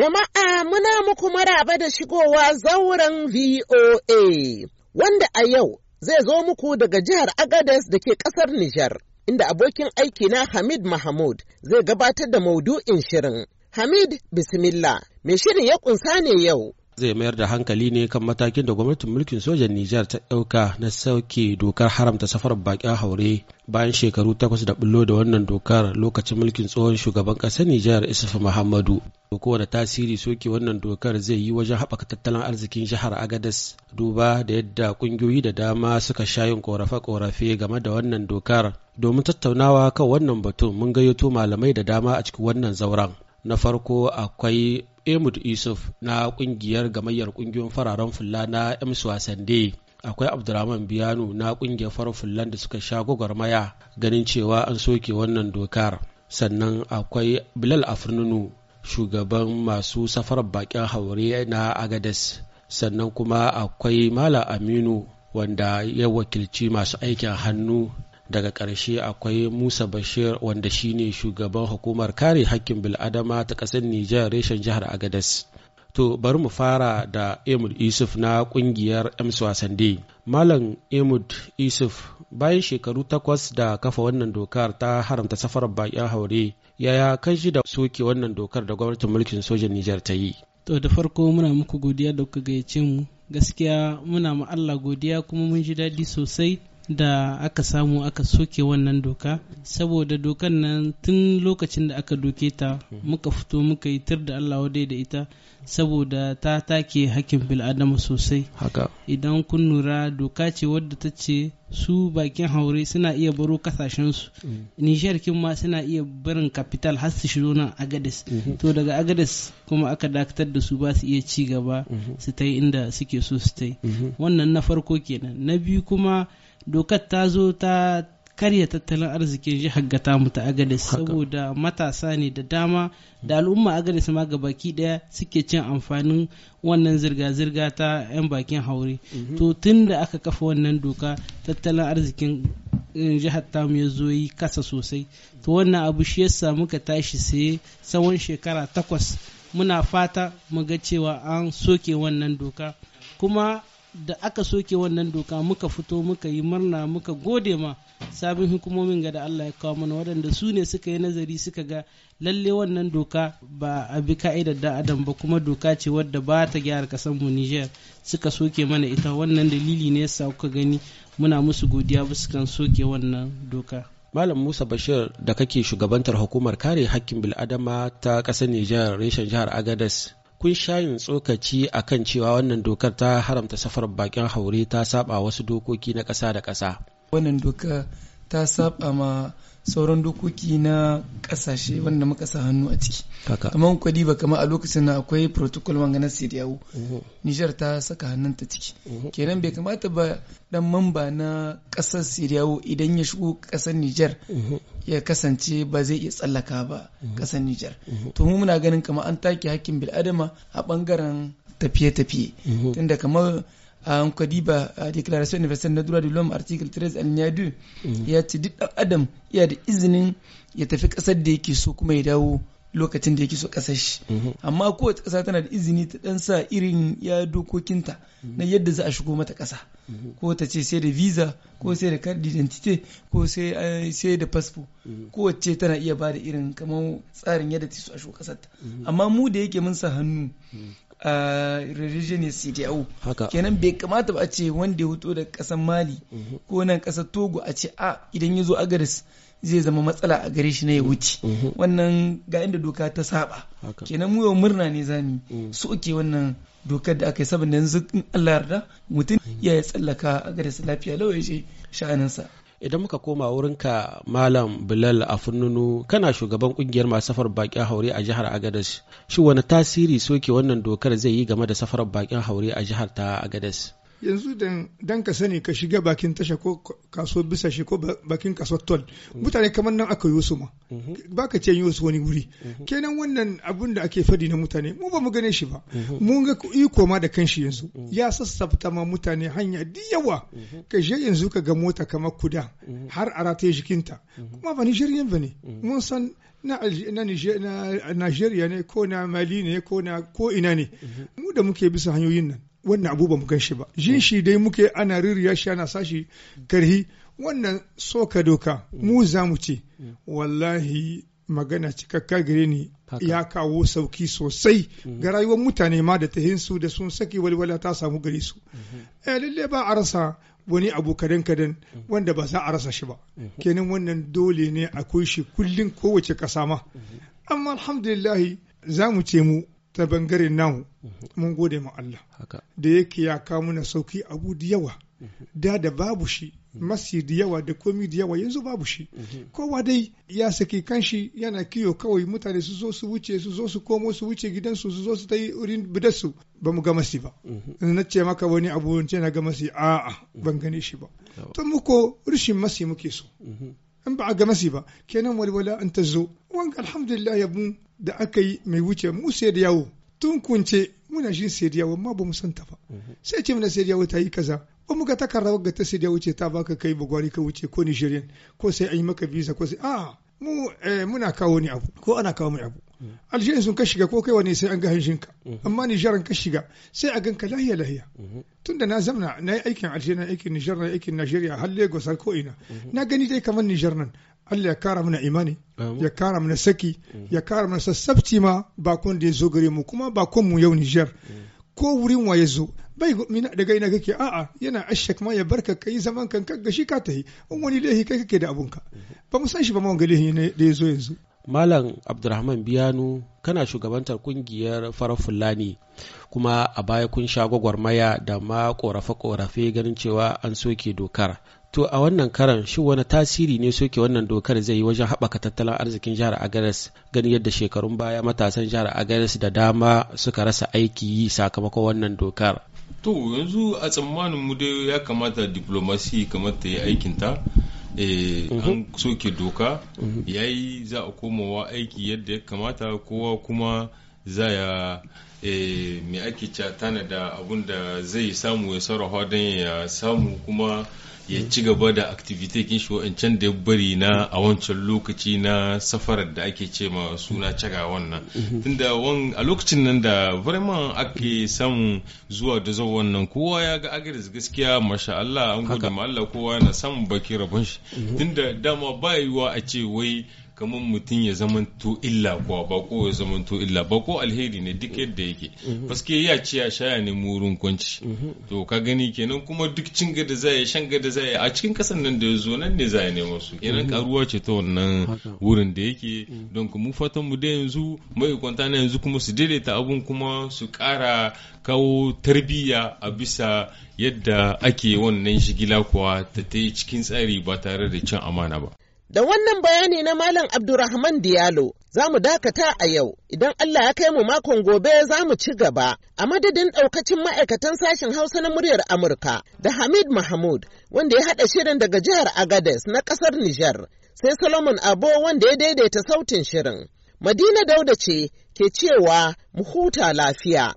Jama'a muna muku maraba da shigowa zauren VOA, wanda a yau zai zo muku daga jihar Agadez da ke ƙasar Nijar, inda abokin aikina Hamid Mahmud zai gabatar da maudu'in shirin. Hamid Bismillah, mai shirin ya ƙunsa ne yau. zai mayar da hankali ne kan matakin da gwamnatin mulkin sojan Nijar ta ɗauka na sauke dokar haramta safarar bakin haure bayan shekaru takwas da bullo da wannan dokar lokacin mulkin tsohon shugaban ƙasar Nijar Isufu Muhammadu. Doko da tasiri soke wannan dokar zai yi wajen haɓaka tattalin arzikin jihar Agadas duba da yadda ƙungiyoyi da dama suka sha yin ƙorafe-ƙorafe game da wannan dokar. Domin tattaunawa kan wannan batun mun gayyato malamai da dama a cikin wannan zauren. na farko akwai Emud Yusuf na kungiyar gamayyar kungiyoyin fararen fulla na Ems Wasande akwai Abdurrahman Biyanu na kungiyar farar fullan da suka sha gwagwarmaya ganin cewa an soke wannan dokar sannan akwai Bilal afrinunu shugaban masu safarar bakin haure na Agades sannan kuma akwai Malam Aminu wanda ya wakilci masu aikin hannu daga ƙarshe akwai musa bashir wanda shine shugaban hukumar kare hakkin bil'adama ta ƙasar nijar reshen jihar agadas to bari mu fara da emud isuf na ƙungiyar ms wasande malam emud isuf bayan shekaru takwas da kafa wannan dokar ta haramta safar bakin haure yaya kan shi da soke wannan dokar da gwamnatin mulkin sojan nijar ta yi to da farko muna muku godiya da kuka gayyace mu gaskiya muna ma Allah godiya kuma mun ji daɗi sosai da aka samu aka soke wannan doka saboda dokan nan tun lokacin da aka doke ta muka fito muka yi tir da allah wadai da ita saboda ta take hakkin bil'adama sosai idan kun nura doka ce wadda ta ce su bakin haure suna iya baro kasashensu mm. nishiyar kin ma suna iya barin kapital har su shiro nan agades mm-hmm. to daga agades kuma aka dakatar da su ba su iya ci gaba mm-hmm. su ta yi inda suke so su ta yi. Mm-hmm. wannan na farko kenan na biyu kuma dokar ta zo ta karya tattalin arzikin jihar gata mu ta agadis saboda matasa ne da dama da al'umma agadis ma ga baki daya suke cin amfanin wannan zirga-zirga ta 'yan bakin haure mhm. to tun da aka kafa wannan doka tattalin arzikin eh, jihar tamu ya zo yi kasa sosai to wannan abu shi yasa muka tashi sai tsawon shekara takwas muna fata mu ga cewa an soke wannan doka kuma da aka soke wannan doka muka fito muka yi murna muka gode ma sabon hukumomin ga da Allah ya kawo mana waɗanda su ne suka yi nazari suka ga lalle wannan doka ba a bi ka'idar da adam ba kuma doka ce wadda ba ta gyara kasar mu Niger suka soke mana ita wannan dalili ne yasa kuka gani muna musu godiya bisa kan soke wannan doka Malam Musa Bashir da kake shugabantar hukumar kare haƙƙin bil'adama ta ƙasar Nijar reshen jihar Agadez kun shayin tsokaci a kan cewa wannan dokar ta haramta safar bakin haure ta saba wasu dokoki na ƙasa da ƙasa. Wannan doka ta saba ma sauran dokoki na ƙasashe wanda muka sa hannu a ciki. amma kwadi ba kama a lokacin na akwai protocol wangana na Nijar ta saka hannun ta ciki. Kenan bai kamata ba dan mamba na ƙasar Sidiyawu idan ya shigo ƙasar Nijar ya kasance ba zai iya tsallaka ba mhm. ƙasar Nijar. Mhm. To mu muna ganin kamar an take hakkin bil'adama a bangaren. tafiye-tafiye. Mhm. Tunda kamar an ah, kwadiba a ah, declaration universal na dura dilom article 3 alineya 2 ya ce duk adam ya da izinin ya tafi kasar da yake so kuma ya dawo lokacin da yake so kasar shi mhm. amma kowace kasa tana da izini ta dan sa irin ya dokokinta mhm. na yadda za a shigo mata kasa mhm. ko ta ce sai da visa ko sai da card identity ko sai eh, da passport kowace tana iya ba da irin kamar tsarin yadda ta so a shigo kasar ta amma mu da yake mun sa hannu a religion CDAO kenan bai kamata ba a ce wanda ya hoto da kasar Mali ko nan kasar Togo a ce a idan ya zo agaris. zai zama matsala a gare shi na ya wuce mhm. wannan ga inda doka ta saba kenan mu murna ne zani mhm. uke wannan dokar da aka yi saboda yanzu in Allah yarda mutum ya tsallaka a gare su lafiya lau ya je sha'aninsa idan muka koma wurin ka malam bilal a fununu kana shugaban kungiyar masu safar bakin haure a jihar agadas shi wani tasiri soke wannan dokar zai yi game da safar bakin haure a jihar ta agadas yanzu dan ka sani ka shiga bakin tasha ko kaso bisa shi ko bakin kaso tol mm-hmm. mutane kamar nan aka yi su ma mm-hmm. ba ka ce yi su wani wuri mm-hmm. kenan wannan abun da ake fadi na mutane mu ba mu gane shi ba mun ga iko ma da kanshi yanzu ya sassafta ma mutane hanya diyawa yawa ka je yanzu ka ga mota kamar kuda har a ya jikinta kuma ba nigerian ba ne mun san na Najeriya ne ko na Mali ne ko ina ne mu da muke bisa hanyoyin nan wannan abu ba mu gan shi ba jin shi dai muke ana ririya shi ana sashi karhi wannan soka doka mu za mu ce wallahi magana cikakka gare ni ya kawo sauki sosai mm. ga rayuwar mutane ma da ta hinsu da sun saki walwala ta samu gare su mm-hmm. eh, lalle ba a rasa wani abu kadan kadan mm. wanda ba za a rasa shi ba mm-hmm. kenan wannan dole ne akwai shi kullum kowace kasa ma mm-hmm. amma alhamdulillahi za mu ce mu ta bangaren namu mhm. mun gode ma Allah da yake ya kawo mana sauki abu da yawa mhm. da da babu shi mhm. Masi da yawa da komi da yawa yanzu babu shi kowa dai ya saki kanshi yana kiyo kawai mutane su zo su wuce su zo su komo su wuce gidansu su zo su ta yi urin bidarsu ba mu ga ba na ce maka wani abu wance na ga a'a ban gane shi ba to muko rishin masi muke so in ba a ga ba kenan walwala an ta zo wanga alhamdulillah ya da aka yi mai wuce mu sai da yawo tun kunce muna shi sai da yawo amma ba mu san ta ba mhm. sai ce mana sai da yawo ta yi kaza ba mu ga takarda ga ta sai da wuce ta baka kai bugwari ka wuce ko Nigerian ko sai an yi maka visa ko sai a ah, mu eh, muna kawo ni abu ko ana kawo mu abu algeria sun ka shiga ko kai wani sai an ga hanshinka mhm. amma nijar ka shiga sai a ganka lahiya lahiya mhm. tunda na zamna na yi aikin algeria na aikin nijar na aikin Najeriya har lagos har ko'ina mhm. na gani dai kamar nijar nan allah ya kara mana imani ya kara mana saki ya kara mana sassabci ma bakon da ya zo gare mu kuma bakon mu yau nijar ko wurin wa ya zo bai mina daga ina kake a'a yana ashak ma ya barka kai zaman kan ka gashi ka tahi in wani lahi kai kake da abunka ba mu san shi ba ma wanga lehi ne da ya zo yanzu Malam Abdulrahman Biyanu kana shugabantar kungiyar farar Fulani kuma a baya kun sha gwagwarmaya da ma korafe-korafe ganin cewa an soke dokar. To a wannan karan shi wani tasiri ne soke wannan dokar zai yi wajen haɓaka tattalin arzikin jihar Agares ganin yadda shekarun baya matasan jihar Agares da dama suka rasa aiki yi sakamakon wannan dokar. To yanzu a tsammanin mu dai ya kamata diplomasi kamar ta yi aikinta. eh mhm. an soke doka mhm. yayi za a komawa aiki yadda ya kamata kowa kuma zaya e mai ake cewa tana da abun da zai samu ya sarrafa don ya samu kuma ya ci gaba da activity kin shi wa'ancan da ya bari na a wancan lokaci na safarar da ake ce suna caga wannan mm-hmm. tunda a lokacin nan da vraiment ake samu zuwa da zuwa wannan kowa ya ga agaris gaskiya masha Allah an gode ma Allah kowa na samun baki rabon shi mm-hmm. tunda dama ba yiwa a ce wai kamar mutum ya to illa kuwa bako ya to illa bako alheri ne duk yadda yake mhm. paske ya ce ya shaya ne wurin kwanci mhm. to ka gani kenan kuma duk cin gada za ya shan gada za a cikin kasan nan da ya zo nan ne za ya nemo su kenan mhm. karuwa ce ta wannan wurin da yake don mu fatan mu da yanzu mai kwanta na yanzu kuma su daidaita abun kuma su kara kawo tarbiyya a bisa yadda ake wannan shigila kuwa ta ta yi cikin tsari ba tare da cin amana ba Da wannan bayani na Malam Abdurrahman Diallo za mu dakata a yau, idan Allah ya kai mu makon gobe za mu ci gaba a madadin ɗaukacin ma'aikatan sashen Hausa na muryar Amurka da Hamid Mahmud wanda ya haɗa shirin daga jihar Agades na ƙasar Nijar, sai Solomon Abo wanda ya daidaita sautin shirin. Madina Dauda ce ke cewa mu huta lafiya.